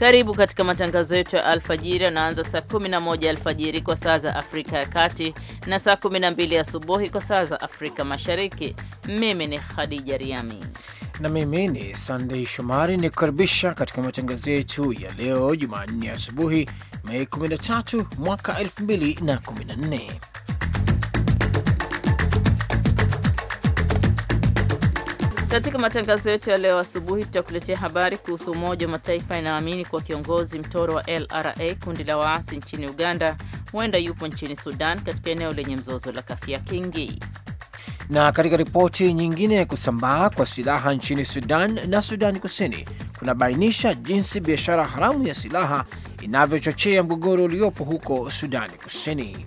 Karibu katika matangazo yetu ya alfajiri yanaanza saa 11 alfajiri kwa saa za Afrika ya Kati na saa 12 asubuhi kwa saa za Afrika Mashariki. Mimi ni Khadija Riami na mimi ni Sandei Shomari ni kukaribisha katika matangazo yetu ya leo Jumanne asubuhi Mei 13 mwaka 2014. Katika matangazo yetu ya leo asubuhi, tutakuletea habari kuhusu Umoja wa Mataifa inaamini kuwa kiongozi mtoro wa LRA, kundi la waasi nchini Uganda, huenda yupo nchini Sudan, katika eneo lenye mzozo la Kafia Kingi. Na katika ripoti nyingine, kusambaa kwa silaha nchini Sudan na Sudan Kusini kunabainisha jinsi biashara haramu ya silaha inavyochochea mgogoro uliopo huko sudani Kusini.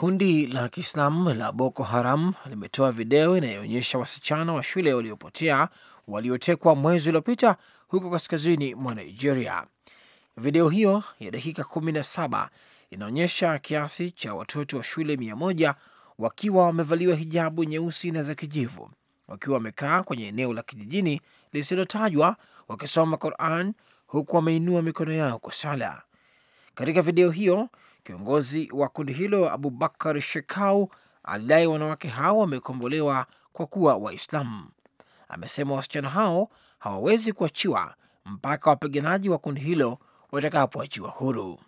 Kundi la Kiislamu la Boko Haram limetoa video inayoonyesha wasichana wa shule waliopotea waliotekwa mwezi uliopita huko kaskazini mwa Nigeria. Video hiyo ya dakika 17 inaonyesha kiasi cha watoto wa shule mia moja wakiwa wamevaliwa hijabu nyeusi na za kijivu wakiwa wamekaa kwenye eneo la kijijini lisilotajwa wakisoma Quran huku wameinua mikono yao kwa sala. Katika video hiyo Kiongozi wa kundi hilo Abubakar Shekau alidai wanawake hao wamekombolewa kwa kuwa Waislamu. Amesema wasichana hao hawawezi kuachiwa mpaka wapiganaji wa kundi hilo watakapoachiwa huru.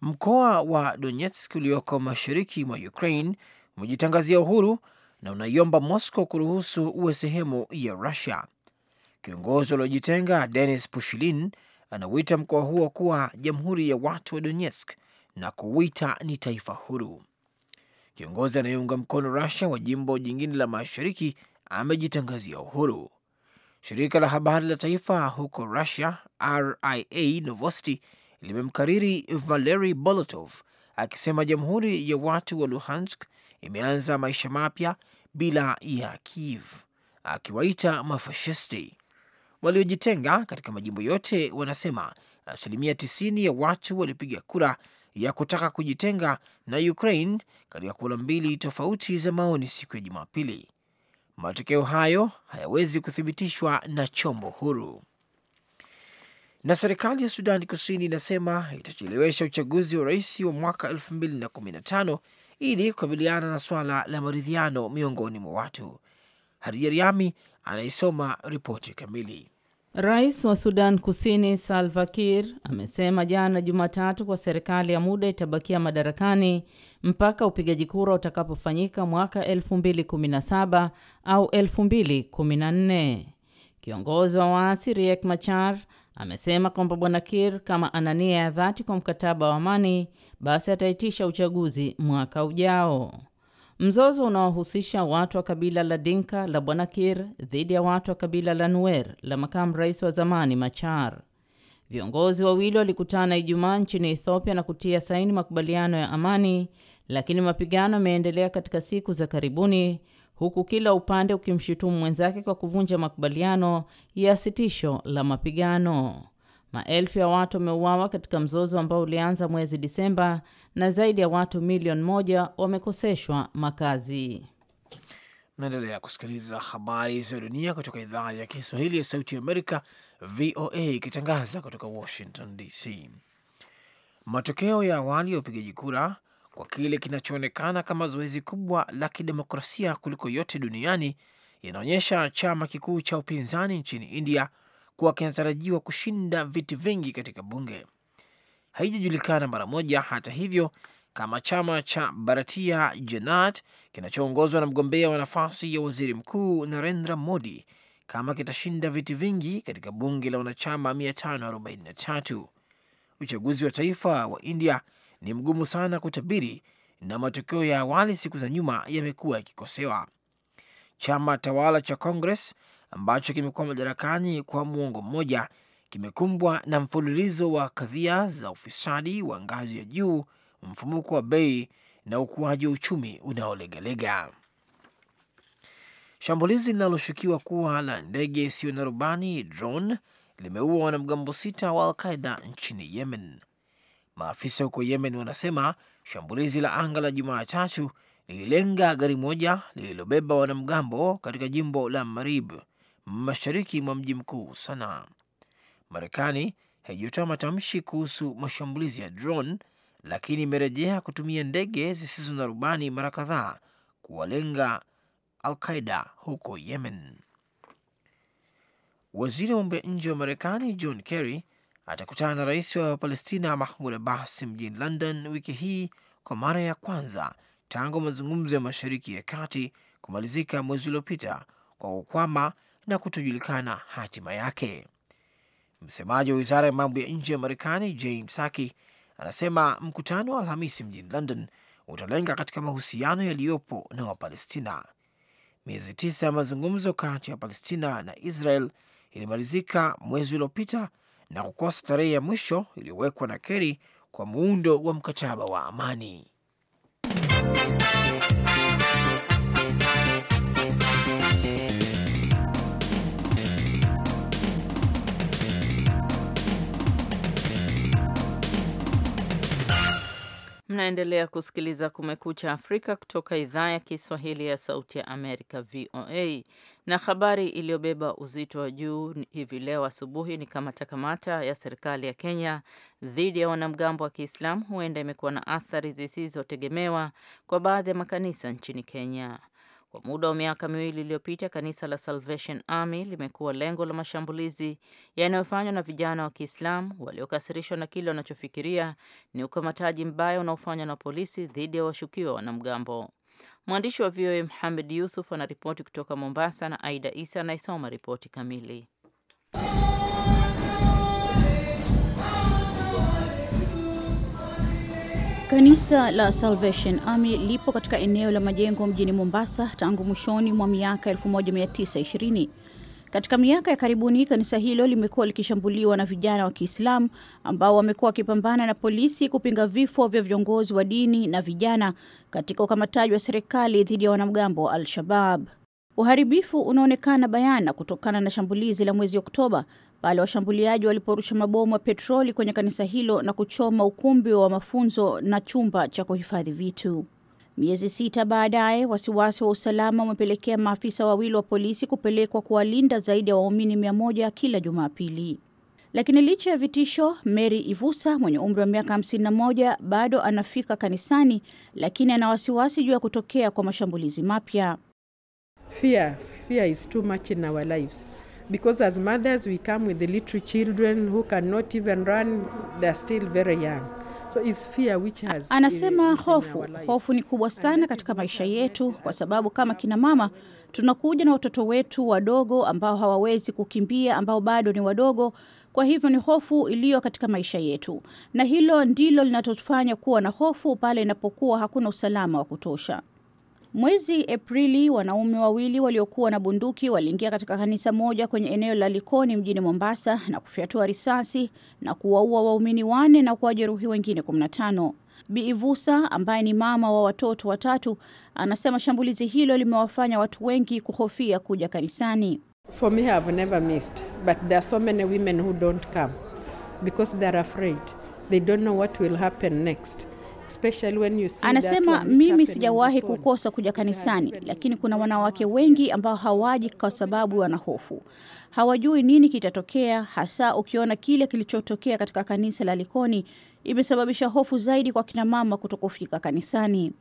Mkoa wa Donetsk ulioko mashariki mwa Ukraine umejitangazia uhuru na unaiomba Moscow kuruhusu uwe sehemu ya Russia. Kiongozi waliojitenga Denis Pushilin anauita mkoa huo kuwa Jamhuri ya Watu wa Donetsk na kuuita ni taifa huru. Kiongozi anayeunga mkono Rusia wa jimbo jingine la mashariki amejitangazia uhuru. Shirika la habari la taifa huko Rusia, RIA Novosti, limemkariri valeri Bolotov akisema jamhuri ya watu wa Luhansk imeanza maisha mapya bila ya Kiev, akiwaita mafashisti waliojitenga katika majimbo yote wanasema asilimia 90 ya watu walipiga kura ya kutaka kujitenga na Ukraine katika kura mbili tofauti za maoni siku ya Jumapili. Matokeo hayo hayawezi kuthibitishwa na chombo huru. Na serikali ya Sudani Kusini inasema itachelewesha uchaguzi wa rais wa mwaka 2015 ili kukabiliana na swala la maridhiano miongoni mwa watu. Hadija anaisoma ripoti kamili. Rais wa Sudan Kusini Salva Kiir amesema jana Jumatatu kwa serikali ya muda itabakia madarakani mpaka upigaji kura utakapofanyika mwaka 2017 au 2014. Kiongozi wa waasi Riek Machar amesema kwamba bwana Kiir kama ana nia ya dhati kwa mkataba wa amani, basi ataitisha uchaguzi mwaka ujao. Mzozo unaohusisha watu wa kabila la Dinka la Bwana Kir dhidi ya watu wa kabila la Nuer la makamu rais wa zamani Machar. Viongozi wawili walikutana Ijumaa nchini Ethiopia na kutia saini makubaliano ya amani, lakini mapigano yameendelea katika siku za karibuni, huku kila upande ukimshutumu mwenzake kwa kuvunja makubaliano ya sitisho la mapigano. Maelfu ya watu wameuawa katika mzozo ambao ulianza mwezi Disemba na zaidi ya watu milioni moja wamekoseshwa makazi. Naendelea kusikiliza habari za dunia kutoka idhaa ya Kiswahili ya Sauti ya Amerika, VOA, ikitangaza kutoka Washington DC. Matokeo ya awali ya upigaji kura kwa kile kinachoonekana kama zoezi kubwa la kidemokrasia kuliko yote duniani yanaonyesha chama kikuu cha upinzani nchini India kuwa kinatarajiwa kushinda viti vingi katika bunge. Haijajulikana mara moja, hata hivyo, kama chama cha Bharatiya Janata kinachoongozwa na mgombea wa nafasi ya waziri mkuu Narendra Modi kama kitashinda viti vingi katika bunge la wanachama 543. Uchaguzi wa taifa wa India ni mgumu sana kutabiri na matokeo ya awali siku za nyuma yamekuwa yakikosewa. Chama tawala cha Congress ambacho kimekuwa madarakani kwa muongo mmoja kimekumbwa na mfululizo wa kadhia za ufisadi wa ngazi ya juu, mfumuko wa bei na ukuaji wa uchumi unaolegalega. Shambulizi linaloshukiwa kuwa la ndege isiyo na rubani drone limeua wanamgambo sita wa Alqaida nchini Yemen. Maafisa huko Yemen wanasema shambulizi la anga la Jumatatu lililenga gari moja lililobeba wanamgambo katika jimbo la Maribu mashariki mwa mji mkuu Sanaa. Marekani haijatoa matamshi kuhusu mashambulizi ya drone, lakini imerejea kutumia ndege zisizo na rubani mara kadhaa kuwalenga Al-Qaida huko Yemen. Waziri wa mambo ya nje wa Marekani John Kerry atakutana na rais wa Palestina Mahmud Abbas mjini London wiki hii kwa mara ya kwanza tangu mazungumzo ya Mashariki ya Kati kumalizika mwezi uliopita kwa kukwama na kutojulikana hatima yake. Msemaji wa wizara ya mambo ya nje ya Marekani Jay Saki anasema mkutano wa Alhamisi mjini London utalenga katika mahusiano yaliyopo na Wapalestina. Miezi tisa ya mazungumzo kati ya Palestina na Israel ilimalizika mwezi uliopita na kukosa tarehe ya mwisho iliyowekwa na Keri kwa muundo wa mkataba wa amani. Mnaendelea kusikiliza Kumekucha Afrika kutoka idhaa ya Kiswahili ya Sauti ya Amerika, VOA. Na habari iliyobeba uzito wa juu hivi leo asubuhi ni kama ya serikali ya Kenya dhidi ya wanamgambo wa Kiislamu huenda imekuwa na athari zisizotegemewa kwa baadhi ya makanisa nchini Kenya. Kwa muda wa miaka miwili iliyopita, kanisa la Salvation Army limekuwa lengo la mashambulizi yanayofanywa na vijana wa Kiislamu waliokasirishwa na kile wanachofikiria ni ukamataji mbaya unaofanywa na polisi dhidi ya washukiwa wanamgambo. Mwandishi wa VOA Mohamed Yusuf anaripoti kutoka Mombasa na Aida Isa anayesoma ripoti kamili. Kanisa la Salvation Army lipo katika eneo la majengo mjini Mombasa tangu mwishoni mwa miaka 1920. Katika miaka ya karibuni kanisa hilo limekuwa likishambuliwa na vijana wa Kiislamu ambao wamekuwa wakipambana na polisi kupinga vifo vya viongozi wa dini na vijana katika ukamataji wa serikali dhidi ya wanamgambo wa Al-Shabab. Uharibifu unaonekana bayana kutokana na shambulizi la mwezi Oktoba pale washambuliaji waliporusha mabomu ya petroli kwenye kanisa hilo na kuchoma ukumbi wa mafunzo na chumba cha kuhifadhi vitu. Miezi sita baadaye, wasiwasi wa usalama umepelekea maafisa wawili wa polisi kupelekwa kuwalinda zaidi ya wa waumini mia moja kila Jumapili. Lakini licha ya vitisho, Mary Ivusa mwenye umri wa miaka 51 bado anafika kanisani, lakini ana wasiwasi juu ya kutokea kwa mashambulizi mapya. Fear, fear is too much in our lives because as mothers we come with the little children who cannot even run they're still very young So it's fear which has anasema uh, hofu hofu ni kubwa sana katika maisha yetu kwa sababu kama kina mama tunakuja na watoto wetu wadogo ambao hawawezi kukimbia ambao bado ni wadogo kwa hivyo ni hofu iliyo katika maisha yetu, na hilo ndilo linatofanya kuwa na hofu pale inapokuwa hakuna usalama wa kutosha. Mwezi Aprili, wanaume wawili waliokuwa na bunduki waliingia katika kanisa moja kwenye eneo la Likoni mjini Mombasa na kufyatua risasi na kuwaua waumini wane na kuwajeruhi wengine 15. Bi ambaye ni mama wa watoto watatu anasema shambulizi hilo limewafanya watu wengi kuhofia kuja kanisani. For me, I've never missed, but there are so many women who don't come because afraid. They don't know what will happen next. Anasema mimi sijawahi kukosa kuja kanisani, lakini kuna wanawake wengi ambao hawaji kwa sababu wana hofu, hawajui nini kitatokea, hasa ukiona kile kilichotokea katika kanisa la Likoni imesababisha hofu zaidi kwa kinamama kutokufika kanisani.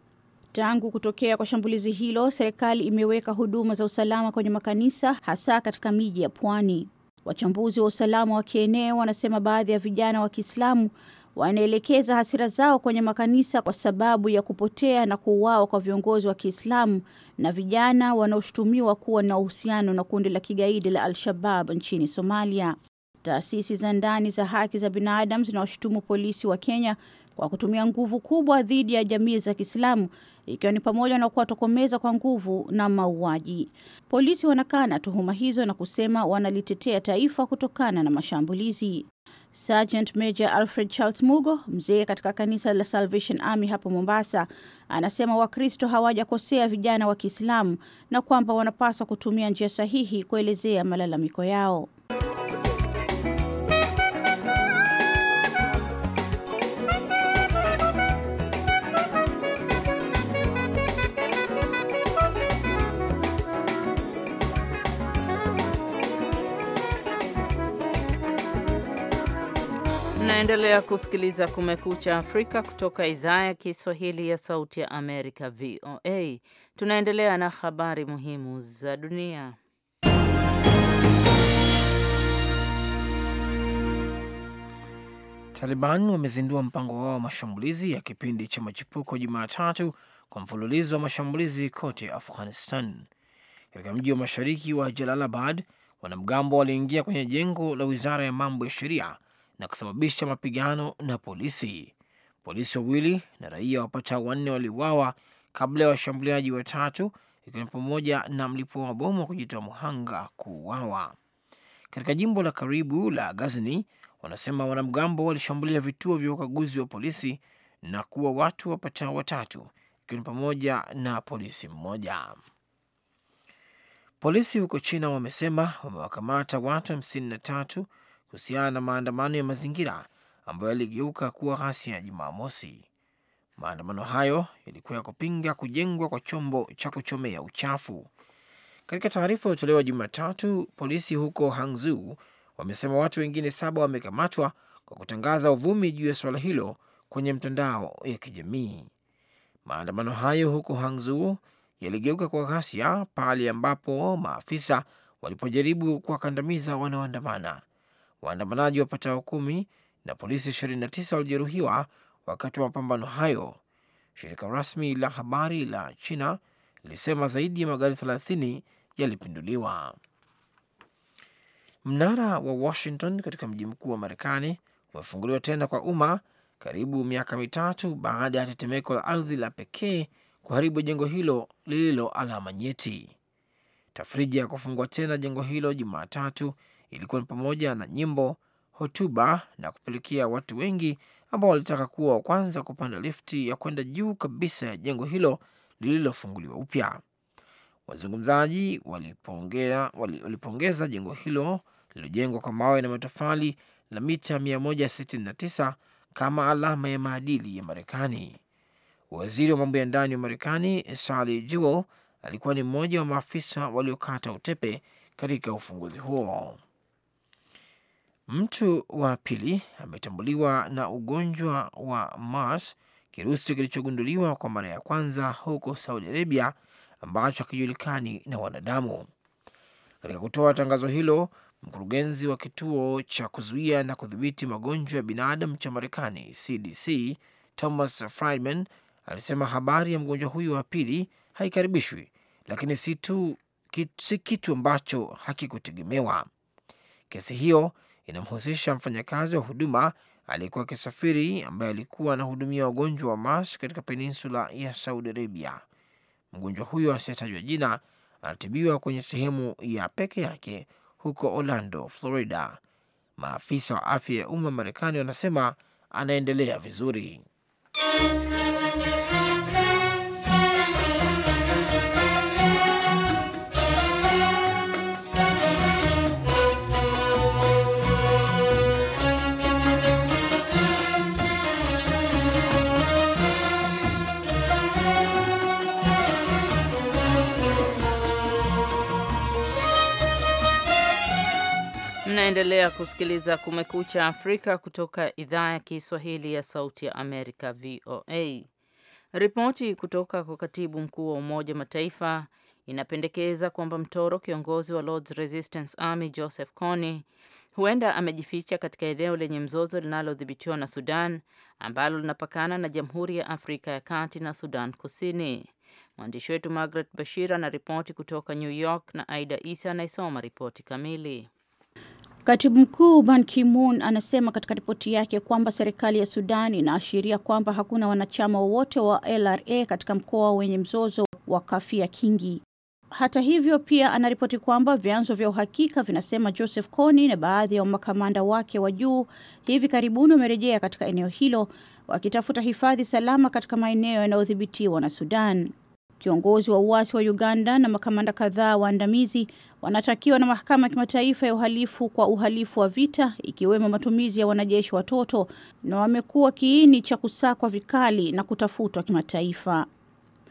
Tangu kutokea kwa shambulizi hilo, serikali imeweka huduma za usalama kwenye makanisa, hasa katika miji ya pwani. Wachambuzi wa usalama wa kieneo wanasema baadhi ya vijana wa Kiislamu wanaelekeza hasira zao kwenye makanisa kwa sababu ya kupotea na kuuawa kwa viongozi wa Kiislamu na vijana wanaoshutumiwa kuwa na uhusiano na kundi la kigaidi la Al-Shabab nchini Somalia. Taasisi za ndani za haki za binadamu zinawashutumu polisi wa Kenya kwa kutumia nguvu kubwa dhidi ya jamii za Kiislamu ikiwa ni pamoja na kuwatokomeza kwa nguvu na mauaji. Polisi wanakana tuhuma hizo na kusema wanalitetea taifa kutokana na mashambulizi. Sergeant Major Alfred Charles Mugo, mzee katika kanisa la Salvation Army hapo Mombasa, anasema Wakristo hawajakosea vijana wa Kiislamu na kwamba wanapaswa kutumia njia sahihi kuelezea malalamiko yao. Unaendelea kusikiliza Kumekucha Afrika kutoka idhaa ya Kiswahili ya Sauti ya Amerika, VOA. Tunaendelea na habari muhimu za dunia. Taliban wamezindua mpango wao wa mashambulizi ya kipindi cha machipuko Jumatatu kwa mfululizo wa mashambulizi kote Afghanistan. Katika mji wa mashariki wa Jalalabad, wanamgambo waliingia kwenye jengo la wizara ya mambo ya sheria na kusababisha mapigano na polisi. Polisi wawili na raia wapatao wanne waliuawa kabla ya washambuliaji watatu, ikiwa ni pamoja na mlipua mabomu wa kujitoa muhanga kuuawa. Katika jimbo la karibu la Gazni, wanasema wanamgambo walishambulia vituo vya ukaguzi wa polisi na kuwa watu wapatao watatu, ikiwa ni pamoja na polisi mmoja. Polisi huko China wamesema wamewakamata watu hamsini na tatu kuhusiana na maandamano ya mazingira ambayo yaligeuka kuwa ghasia ya Jumamosi. Maandamano hayo yalikuwa ya kupinga kujengwa kwa chombo cha kuchomea uchafu. Katika taarifa iliyotolewa Jumatatu, polisi huko Hangzhou wamesema watu wengine saba wamekamatwa kwa kutangaza uvumi juu ya suala hilo kwenye mtandao ya kijamii. Maandamano hayo huko Hangzhou yaligeuka kwa ghasia pale ambapo maafisa walipojaribu kuwakandamiza wanaoandamana waandamanaji wapatao kumi na polisi 29 walijeruhiwa wakati wa mapambano hayo. Shirika rasmi la habari la China lilisema zaidi ya magari 30 yalipinduliwa. Mnara wa Washington katika mji mkuu wa Marekani umefunguliwa tena kwa umma karibu miaka mitatu baada ya tetemeko la ardhi la pekee kuharibu jengo hilo lililo alama nyeti. Tafrija ya kufungua tena jengo hilo Jumatatu ilikuwa ni pamoja na nyimbo, hotuba na kupelekea watu wengi ambao walitaka kuwa wa kwanza kupanda lifti ya kwenda juu kabisa ya jengo hilo lililofunguliwa upya. Wazungumzaji walipongeza jengo hilo lililojengwa kwa mawe na matofali la mita 169 kama alama ya maadili ya Marekani. Waziri wa mambo ya ndani wa Marekani Sally Jewell alikuwa ni mmoja wa maafisa waliokata utepe katika ufunguzi huo. Mtu wa pili ametambuliwa na ugonjwa wa Mars, kirusi kilichogunduliwa kwa mara ya kwanza huko Saudi Arabia ambacho hakijulikani na wanadamu. Katika kutoa tangazo hilo, mkurugenzi wa kituo cha kuzuia na kudhibiti magonjwa ya binadamu cha Marekani, CDC, Thomas Friedman alisema habari ya mgonjwa huyo wa pili haikaribishwi, lakini si kitu ambacho hakikutegemewa. Kesi hiyo inamhusisha mfanyakazi wa huduma aliyekuwa akisafiri ambaye alikuwa anahudumia wagonjwa wa MAS katika peninsula ya Saudi Arabia. Mgonjwa huyo asiyetajwa jina anatibiwa kwenye sehemu ya peke yake huko Orlando, Florida. Maafisa wa afya ya umma Marekani wanasema anaendelea vizuri. Mnaendelea kusikiliza Kumekucha Afrika kutoka idhaa ya Kiswahili ya Sauti ya Amerika, VOA. Ripoti kutoka kwa katibu mkuu wa Umoja Mataifa inapendekeza kwamba mtoro kiongozi wa Lords Resistance Army Joseph Kony huenda amejificha katika eneo lenye mzozo linalodhibitiwa na Sudan ambalo linapakana na Jamhuri ya Afrika ya Kati na Sudan Kusini. Mwandishi wetu Margaret Bashir ana ripoti kutoka New York na Aida Isa anaisoma ripoti kamili. Katibu mkuu Ban Ki-moon anasema katika ripoti yake kwamba serikali ya Sudan inaashiria kwamba hakuna wanachama wowote wa LRA katika mkoa wenye mzozo wa Kafia Kingi. Hata hivyo, pia anaripoti kwamba vyanzo vya uhakika vinasema Joseph Kony na baadhi ya makamanda wake wa juu hivi karibuni wamerejea katika eneo hilo wakitafuta hifadhi salama katika maeneo yanayodhibitiwa na Sudan. Kiongozi wa uasi wa Uganda na makamanda kadhaa waandamizi wanatakiwa na mahakama ya kimataifa ya uhalifu kwa uhalifu wa vita ikiwemo matumizi ya wanajeshi watoto, na wamekuwa kiini cha kusakwa vikali na kutafutwa kimataifa.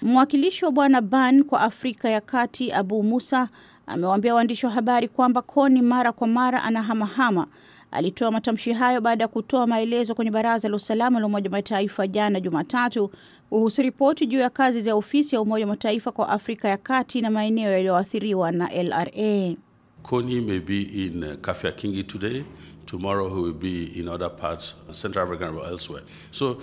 Mwakilishi wa Bwana Ban kwa Afrika ya Kati Abu Musa amewaambia waandishi wa habari kwamba Koni mara kwa mara anahamahama. Alitoa matamshi hayo baada ya kutoa maelezo kwenye Baraza la Usalama la Umoja Mataifa jana Jumatatu kuhusu ripoti juu ya kazi za ofisi ya Umoja wa Mataifa kwa Afrika ya Kati na maeneo yaliyoathiriwa na LRA. Kony may be in uh, Kafia Kingi today, tomorrow he will be in other parts, uh, Central Africa or elsewhere. So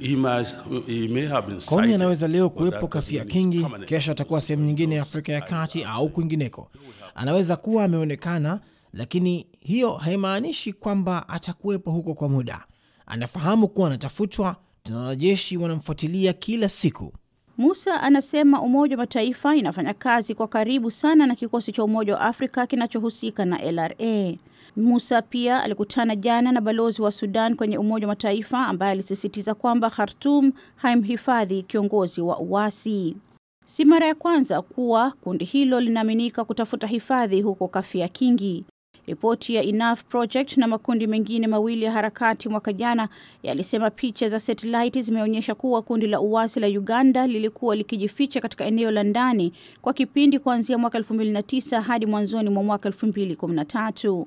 he must, he may have been Kony anaweza leo kuwepo Kafia Kingi, kesho atakuwa sehemu nyingine ya Afrika ya Kati au kwingineko. Anaweza kuwa ameonekana, lakini hiyo haimaanishi kwamba atakuwepo huko kwa muda. Anafahamu kuwa anatafutwa tuna wanajeshi wanamfuatilia kila siku. Musa anasema Umoja wa Mataifa inafanya kazi kwa karibu sana na kikosi cha Umoja wa Afrika kinachohusika na LRA. Musa pia alikutana jana na balozi wa Sudan kwenye Umoja wa Mataifa ambaye alisisitiza kwamba Khartum haimhifadhi kiongozi wa uasi. Si mara ya kwanza kuwa kundi hilo linaaminika kutafuta hifadhi huko Kafia Kingi. Ripoti ya Enough Project na makundi mengine mawili ya harakati mwaka jana yalisema picha za satellite zimeonyesha kuwa kundi la uasi la Uganda lilikuwa likijificha katika eneo la ndani kwa kipindi kuanzia mwaka 2009 hadi mwanzoni mwa mwaka 2013.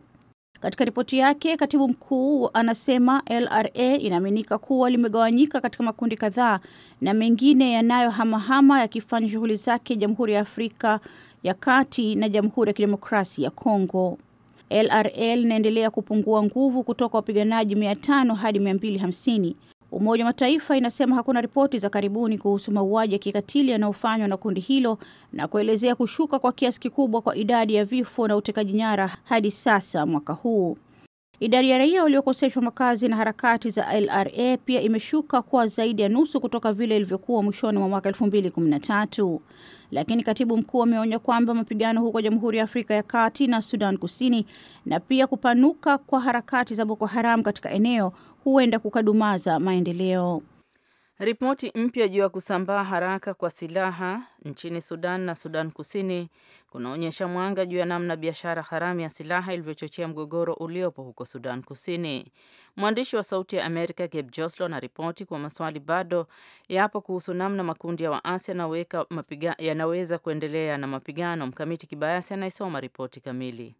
Katika ripoti yake, katibu mkuu anasema LRA inaaminika kuwa limegawanyika katika makundi kadhaa na mengine yanayohamahama yakifanya shughuli zake Jamhuri ya Afrika ya Kati na Jamhuri ya Kidemokrasia ya Kongo lrl inaendelea kupungua nguvu kutoka wapiganaji 500 hadi 250. Umoja wa Mataifa inasema hakuna ripoti za karibuni kuhusu mauaji ya kikatili yanayofanywa na kundi hilo na kuelezea kushuka kwa kiasi kikubwa kwa idadi ya vifo na utekaji nyara hadi sasa mwaka huu. Idadi ya raia waliokoseshwa makazi na harakati za LRA pia imeshuka kwa zaidi ya nusu kutoka vile ilivyokuwa mwishoni mwa mwaka 2013. Lakini katibu mkuu ameonya kwamba mapigano huko Jamhuri ya Afrika ya Kati na Sudan Kusini na pia kupanuka kwa harakati za Boko Haram katika eneo huenda kukadumaza maendeleo. Ripoti mpya juu ya kusambaa haraka kwa silaha nchini Sudan na Sudan Kusini kunaonyesha mwanga juu ya namna biashara haramu ya silaha ilivyochochea mgogoro uliopo huko Sudan Kusini. Mwandishi wa Sauti ya Amerika Gabe Joslo anaripoti kuwa maswali bado yapo kuhusu namna makundi ya waasi yanaweza kuendelea na mapigano. Mkamiti Kibayasi anaisoma ripoti kamili.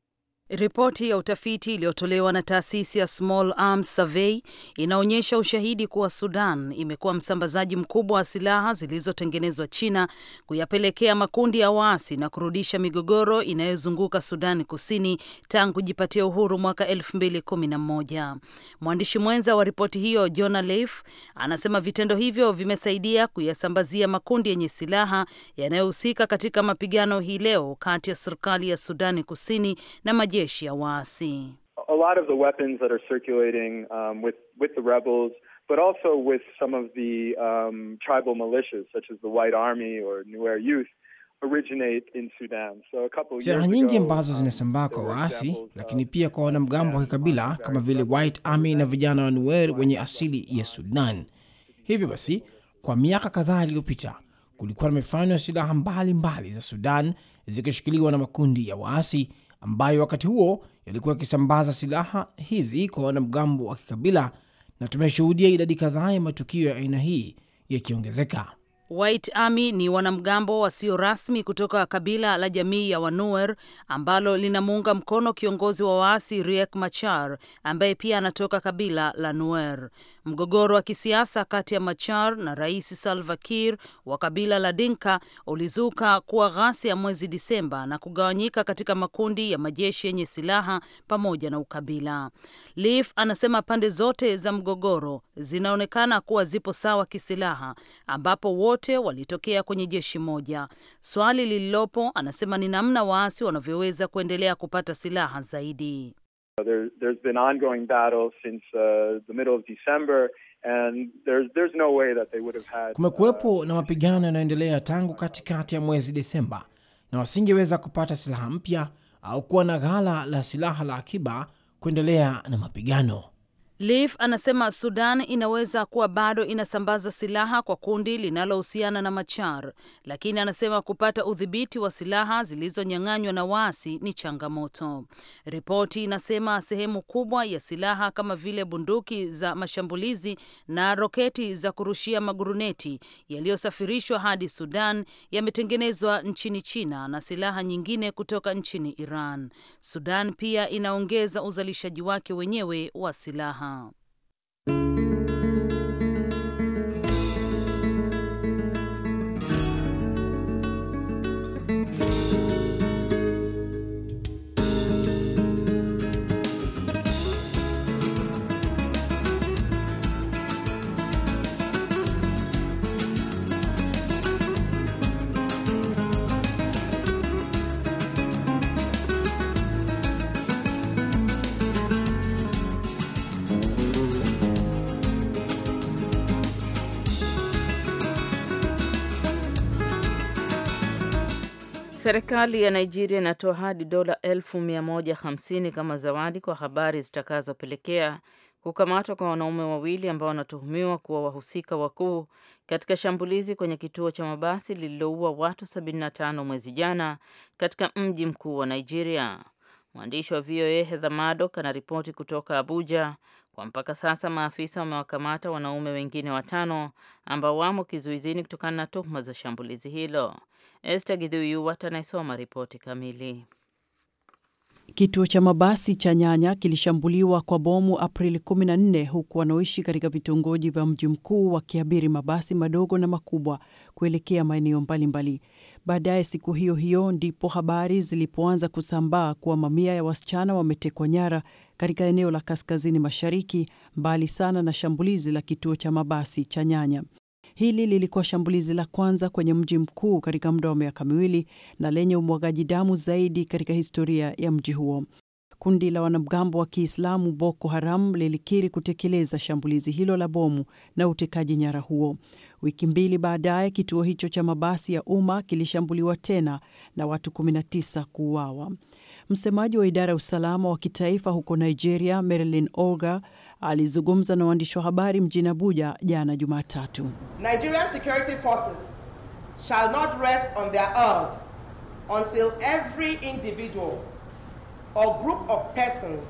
Ripoti ya utafiti iliyotolewa na taasisi ya Small Arms Survey inaonyesha ushahidi kuwa Sudan imekuwa msambazaji mkubwa wa silaha zilizotengenezwa China kuyapelekea makundi ya waasi na kurudisha migogoro inayozunguka Sudan Kusini tangu jipatia uhuru mwaka 2011. Mwandishi mwenza wa ripoti hiyo Jona Leif anasema vitendo hivyo vimesaidia kuyasambazia makundi yenye silaha yanayohusika katika mapigano hii leo kati ya serikali ya Sudani Kusini na majeshi majeshi ya waasi. A lot of the weapons that are circulating um, with, with the rebels but also with some of the um, tribal militias such as the White Army or Nuer Youth originate in Sudan. So a couple of silaha nyingi ambazo um, zinasambaa kwa waasi, lakini pia kwa wanamgambo wa kikabila kama vile White Army na vijana wa Nuer wenye asili ya Sudan. Hivyo basi, kwa miaka kadhaa iliyopita kulikuwa na mifano ya silaha mbalimbali za Sudan zikishikiliwa na makundi ya waasi ambayo wakati huo yalikuwa yakisambaza silaha hizi kwa wanamgambo wa kikabila, na tumeshuhudia idadi kadhaa ya matukio ya aina hii yakiongezeka. White Army ni wanamgambo wasio rasmi kutoka kabila la jamii ya Wanuer ambalo linamuunga mkono kiongozi wa waasi Riek Machar ambaye pia anatoka kabila la Nuer. Mgogoro wa kisiasa kati ya Machar na Rais Salva Kiir wa kabila la Dinka ulizuka kuwa ghasia mwezi Disemba na kugawanyika katika makundi ya majeshi yenye silaha pamoja na ukabila. Leaf anasema pande zote za mgogoro zinaonekana kuwa zipo sawa kisilaha ambapo wote wote walitokea kwenye jeshi moja. Swali lililopo, anasema ni namna waasi wanavyoweza kuendelea kupata silaha zaidi. Kumekuwepo na mapigano yanayoendelea tangu katikati ya mwezi Desemba, na wasingeweza kupata silaha mpya au kuwa na ghala la silaha la akiba kuendelea na mapigano. Leaf anasema Sudan inaweza kuwa bado inasambaza silaha kwa kundi linalohusiana na Machar, lakini anasema kupata udhibiti wa silaha zilizonyang'anywa na waasi ni changamoto. Ripoti inasema sehemu kubwa ya silaha kama vile bunduki za mashambulizi na roketi za kurushia maguruneti yaliyosafirishwa hadi Sudan yametengenezwa nchini China na silaha nyingine kutoka nchini Iran. Sudan pia inaongeza uzalishaji wake wenyewe wa silaha. www.thebrainfuel.com. Serikali ya Nigeria inatoa hadi dola elfu mia moja hamsini kama zawadi kwa habari zitakazopelekea kukamatwa kwa wanaume wawili ambao wanatuhumiwa kuwa wahusika wakuu katika shambulizi kwenye kituo cha mabasi lililoua watu 75 mwezi jana katika mji mkuu wa Nigeria. Mwandishi wa VOA Hedha Madok anaripoti kutoka Abuja kwa mpaka sasa maafisa wamewakamata wanaume wengine watano ambao wamo kizuizini kutokana na tuhuma za shambulizi hilo. Esther Gidhuyuwat anayesoma ripoti kamili. Kituo cha mabasi cha Nyanya kilishambuliwa kwa bomu Aprili 14 huku wanaoishi katika vitongoji vya mji mkuu wakiabiri mabasi madogo na makubwa kuelekea maeneo mbalimbali. Baadaye siku hiyo hiyo ndipo habari zilipoanza kusambaa kuwa mamia ya wasichana wametekwa nyara katika eneo la kaskazini mashariki, mbali sana na shambulizi la kituo cha mabasi cha Nyanya. Hili lilikuwa shambulizi la kwanza kwenye mji mkuu katika muda wa miaka miwili na lenye umwagaji damu zaidi katika historia ya mji huo. Kundi la wanamgambo wa Kiislamu Boko Haram lilikiri kutekeleza shambulizi hilo la bomu na utekaji nyara huo. Wiki mbili baadaye, kituo hicho cha mabasi ya umma kilishambuliwa tena na watu 19 kuuawa. Msemaji wa idara ya usalama wa kitaifa huko Nigeria, Marilyn Olga, alizungumza na waandishi wa habari mjini Abuja jana Jumatatu. Nigerian security forces shall not rest on their until every individual or group of persons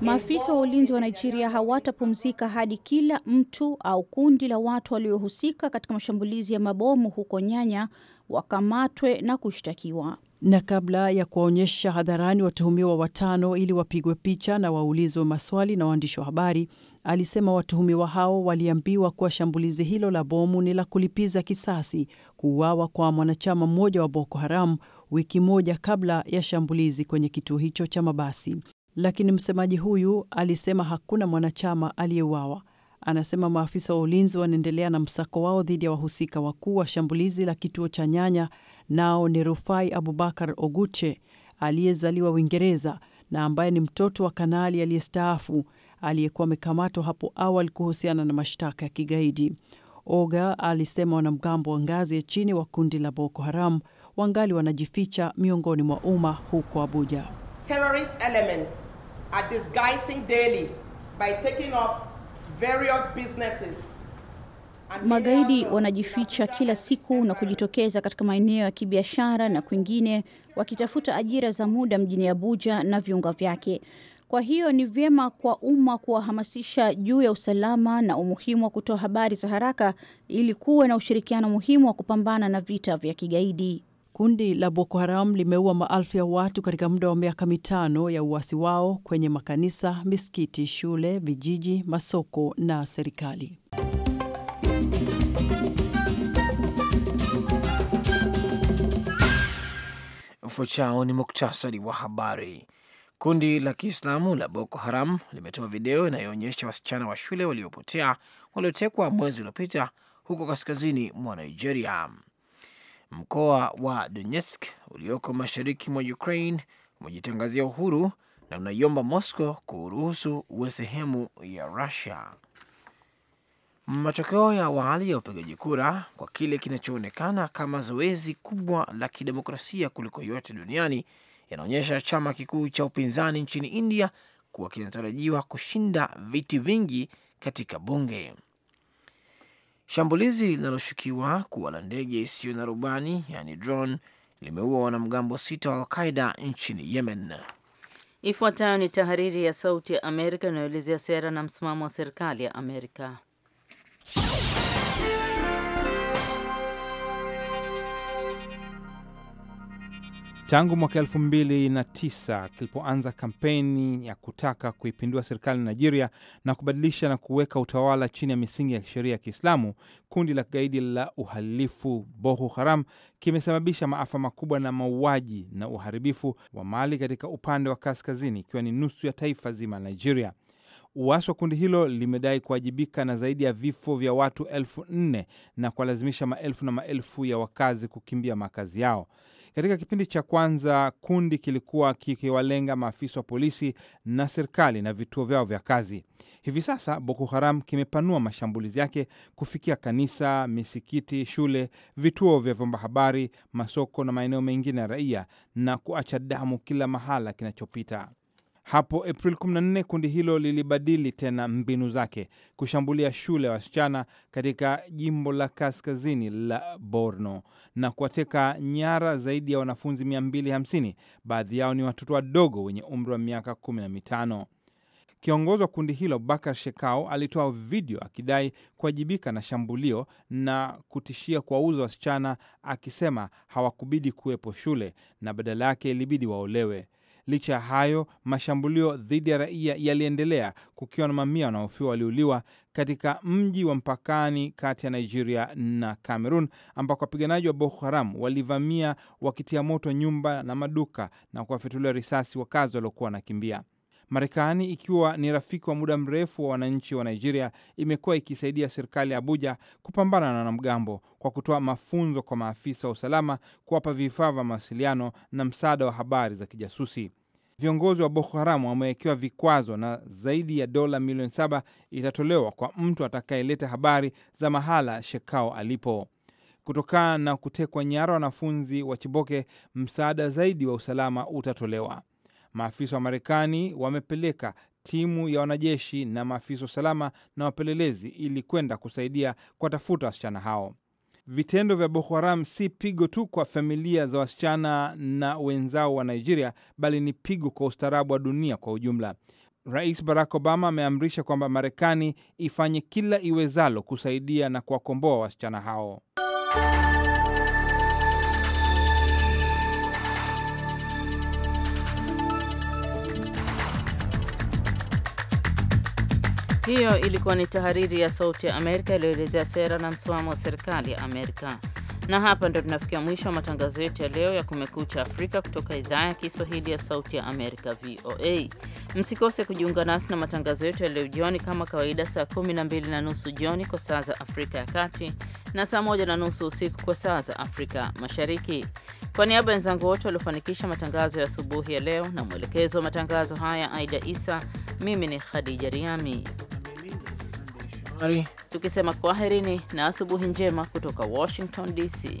Maafisa wa ulinzi wa Nigeria hawatapumzika hadi kila mtu au kundi la watu waliohusika katika mashambulizi ya mabomu huko Nyanya wakamatwe na kushtakiwa. Na kabla ya kuwaonyesha hadharani watuhumiwa watano ili wapigwe picha na waulizwe maswali na waandishi wa habari, alisema watuhumiwa hao waliambiwa kuwa shambulizi hilo la bomu ni la kulipiza kisasi kuuawa kwa mwanachama mmoja wa Boko Haram wiki moja kabla ya shambulizi kwenye kituo hicho cha mabasi, lakini msemaji huyu alisema hakuna mwanachama aliyeuawa. Anasema maafisa wa ulinzi wanaendelea na msako wao dhidi ya wahusika wakuu wa shambulizi la kituo cha Nyanya, nao ni Rufai Abubakar Oguche aliyezaliwa Uingereza na ambaye ni mtoto wa kanali aliyestaafu aliyekuwa amekamatwa hapo awali kuhusiana na mashtaka ya kigaidi. Oga alisema wanamgambo wa ngazi ya chini wa kundi la Boko Haram wangali wanajificha miongoni mwa umma huko Abuja. Terrorist elements are disguising daily by taking up various businesses. Magaidi wanajificha kila siku na kujitokeza katika maeneo ya kibiashara na kwingine wakitafuta ajira za muda mjini Abuja na viunga vyake. Kwa hiyo ni vyema kwa umma kuwahamasisha juu ya usalama na umuhimu wa kutoa habari za haraka ili kuwe na ushirikiano muhimu wa kupambana na vita vya kigaidi. Kundi la Boko Haram limeua maelfu ya watu katika muda wa miaka mitano ya uasi wao kwenye makanisa, misikiti, shule, vijiji, masoko na serikali. Ufuatao ni muktasari wa habari. Kundi la Kiislamu la Boko Haram limetoa video inayoonyesha wasichana wa shule waliopotea waliotekwa mwezi uliopita huko kaskazini mwa Nigeria. Mkoa wa Donetsk ulioko mashariki mwa Ukraine umejitangazia uhuru na unaiomba Moscow kuruhusu uwe sehemu ya Russia. Matokeo ya awali ya upigaji kura kwa kile kinachoonekana kama zoezi kubwa la kidemokrasia kuliko yote duniani yanaonyesha chama kikuu cha upinzani nchini India kuwa kinatarajiwa kushinda viti vingi katika bunge. Shambulizi linaloshukiwa kuwa la ndege isiyo na rubani yani drone limeua wanamgambo sita wa Alqaida nchini Yemen. Ifuatayo ni tahariri ya Sauti ya Amerika inayoelezea sera na msimamo wa serikali ya Amerika. Tangu mwaka elfu mbili na tisa kilipoanza kampeni ya kutaka kuipindua serikali ya Nigeria na kubadilisha na kuweka utawala chini ya misingi ya sheria ya Kiislamu, kundi la kigaidi la uhalifu Boko Haram kimesababisha maafa makubwa na mauaji na uharibifu wa mali katika upande wa kaskazini, ikiwa ni nusu ya taifa zima la Nigeria. Uasi wa kundi hilo limedai kuwajibika na zaidi ya vifo vya watu elfu nne na kuwalazimisha maelfu na maelfu ya wakazi kukimbia makazi yao. Katika kipindi cha kwanza, kundi kilikuwa kikiwalenga maafisa wa polisi na serikali na vituo vyao vya kazi. Hivi sasa Boko Haram kimepanua mashambulizi yake kufikia kanisa, misikiti, shule, vituo vya vyombo habari, masoko na maeneo mengine ya raia na kuacha damu kila mahala kinachopita. Hapo april 14 kundi hilo lilibadili tena mbinu zake kushambulia shule ya wa wasichana katika jimbo la kaskazini la Borno na kuwateka nyara zaidi ya wanafunzi 250. Baadhi yao ni watoto wadogo wenye umri wa miaka 15. Kiongozi wa kundi hilo Bakar Shekau alitoa video akidai kuwajibika na shambulio na kutishia kuwauza wasichana, akisema hawakubidi kuwepo shule na badala yake ilibidi waolewe. Licha ya hayo, mashambulio dhidi ya raia yaliendelea, kukiwa na mamia wanaofiwa waliuliwa katika mji wa mpakani kati ya Nigeria na Cameroon, ambako wapiganaji wa Boko Haram walivamia wakitia moto nyumba na maduka na kuwafyatulia risasi wakazi waliokuwa wanakimbia. Marekani, ikiwa ni rafiki wa muda mrefu wa wananchi wa Nigeria, imekuwa ikisaidia serikali ya Abuja kupambana na wanamgambo kwa kutoa mafunzo kwa maafisa wa usalama, kuwapa vifaa vya mawasiliano na msaada wa habari za kijasusi. Viongozi wa Boko Haram wamewekewa vikwazo na zaidi ya dola milioni saba itatolewa kwa mtu atakayeleta habari za mahala Shekau alipo. Kutokana na kutekwa nyara wanafunzi wa Chiboke, msaada zaidi wa usalama utatolewa. Maafisa wa Marekani wamepeleka timu ya wanajeshi na maafisa wa usalama na wapelelezi ili kwenda kusaidia kuwatafuta wasichana hao. Vitendo vya Boko Haram si pigo tu kwa familia za wasichana na wenzao wa Nigeria, bali ni pigo kwa ustaarabu wa dunia kwa ujumla. Rais Barack Obama ameamrisha kwamba Marekani ifanye kila iwezalo kusaidia na kuwakomboa wasichana hao. Hiyo ilikuwa ni tahariri ya Sauti ya Amerika iliyoelezea sera na msimamo wa serikali ya Amerika. Na hapa ndo tunafikia mwisho wa matangazo yetu ya leo ya Kumekucha Afrika kutoka idhaa ya Kiswahili ya Sauti ya Amerika, VOA. Msikose kujiunga nasi na matangazo yetu ya leo jioni, kama kawaida, saa 12 na nusu jioni kwa saa za Afrika ya Kati na saa 1 na nusu usiku kwa saa za Afrika Mashariki. Kwa niaba ya wenzangu wote waliofanikisha matangazo ya asubuhi ya leo na mwelekezo wa matangazo haya Aida Isa, mimi ni Khadija Riami kwaheri, tukisema kwaherini na asubuhi njema kutoka Washington DC.